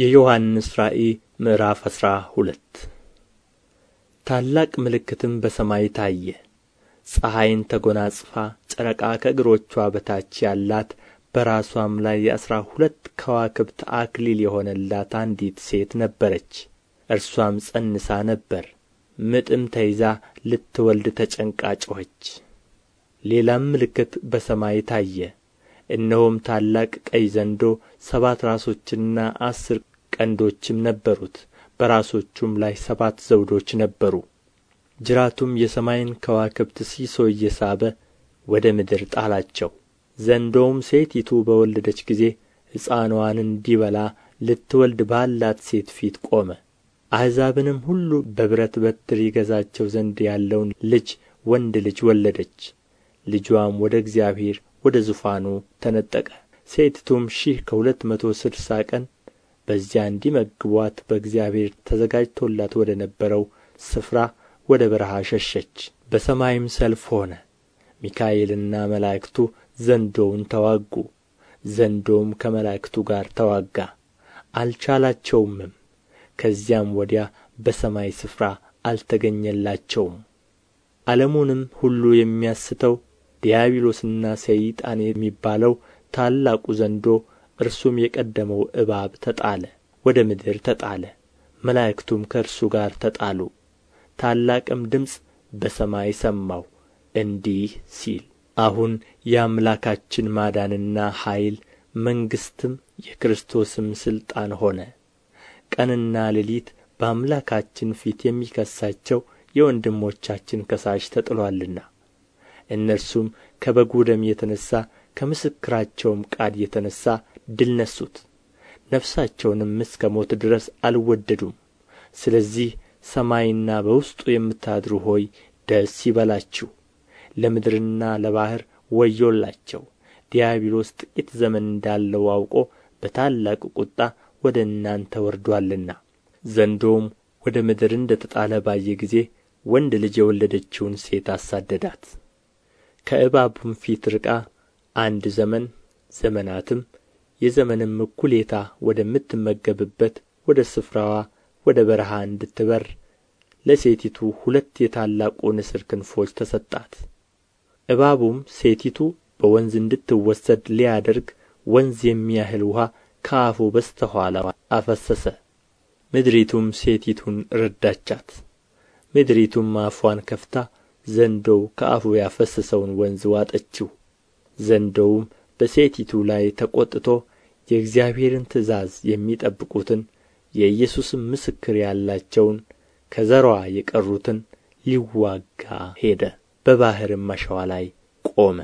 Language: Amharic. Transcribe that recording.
የዮሐንስ ራእይ ምዕራፍ አስራ ሁለት ታላቅ ምልክትም በሰማይ ታየ፣ ፀሐይን ተጎናጽፋ ጨረቃ ከእግሮቿ በታች ያላት በራሷም ላይ የአስራ ሁለት ከዋክብት አክሊል የሆነላት አንዲት ሴት ነበረች። እርሷም ጸንሳ ነበር፣ ምጥም ተይዛ ልትወልድ ተጨንቃ ጮኸች። ሌላም ምልክት በሰማይ ታየ፣ እነሆም ታላቅ ቀይ ዘንዶ ሰባት ራሶችና አስር ቀንዶችም ነበሩት በራሶቹም ላይ ሰባት ዘውዶች ነበሩ ጅራቱም የሰማይን ከዋክብት ሲሶ እየሳበ ወደ ምድር ጣላቸው ዘንዶውም ሴቲቱ በወለደች ጊዜ ሕፃንዋን እንዲበላ ልትወልድ ባላት ሴት ፊት ቆመ አሕዛብንም ሁሉ በብረት በትር ይገዛቸው ዘንድ ያለውን ልጅ ወንድ ልጅ ወለደች ልጇም ወደ እግዚአብሔር ወደ ዙፋኑ ተነጠቀ ሴቲቱም ሺህ ከሁለት መቶ ስድሳ ቀን በዚያ እንዲመግቡአት በእግዚአብሔር ተዘጋጅቶላት ወደ ነበረው ስፍራ ወደ በረሃ ሸሸች በሰማይም ሰልፍ ሆነ ሚካኤልና መላእክቱ ዘንዶውን ተዋጉ ዘንዶውም ከመላእክቱ ጋር ተዋጋ አልቻላቸውምም ከዚያም ወዲያ በሰማይ ስፍራ አልተገኘላቸውም ዓለሙንም ሁሉ የሚያስተው ዲያብሎስና ሰይጣን የሚባለው ታላቁ ዘንዶ እርሱም የቀደመው እባብ ተጣለ ወደ ምድር ተጣለ መላእክቱም ከእርሱ ጋር ተጣሉ ታላቅም ድምፅ በሰማይ ሰማሁ እንዲህ ሲል አሁን የአምላካችን ማዳንና ኃይል መንግሥትም የክርስቶስም ሥልጣን ሆነ ቀንና ሌሊት በአምላካችን ፊት የሚከሳቸው የወንድሞቻችን ከሳሽ ተጥሏልና። እነርሱም ከበጉ ደም የተነሣ ከምስክራቸውም ቃል የተነሣ ድል ነሱት ነፍሳቸውንም እስከ ሞት ድረስ አልወደዱም ስለዚህ ሰማይና በውስጡ የምታድሩ ሆይ ደስ ይበላችሁ ለምድርና ለባሕር ወዮላቸው ዲያብሎስ ጥቂት ዘመን እንዳለው አውቆ በታላቅ ቁጣ ወደ እናንተ ወርዶአልና ዘንዶውም ወደ ምድር እንደ ተጣለ ባየ ጊዜ ወንድ ልጅ የወለደችውን ሴት አሳደዳት ከእባቡም ፊት ርቃ አንድ ዘመን ዘመናትም የዘመንም እኵሌታ ወደምትመገብበት ወደ ስፍራዋ ወደ በረሃ እንድትበር ለሴቲቱ ሁለት የታላቁ ንስር ክንፎች ተሰጣት እባቡም ሴቲቱ በወንዝ እንድትወሰድ ሊያደርግ ወንዝ የሚያህል ውኃ ከአፉ በስተ አፈሰሰ ምድሪቱም ሴቲቱን ረዳቻት ምድሪቱም አፏን ከፍታ ዘንዶው ከአፉ ያፈሰሰውን ወንዝ ዋጠችው ዘንዶውም በሴቲቱ ላይ ተቈጥቶ የእግዚአብሔርን ትእዛዝ የሚጠብቁትን የኢየሱስም ምስክር ያላቸውን ከዘርዋ የቀሩትን ሊዋጋ ሄደ በባሕርም አሸዋ ላይ ቆመ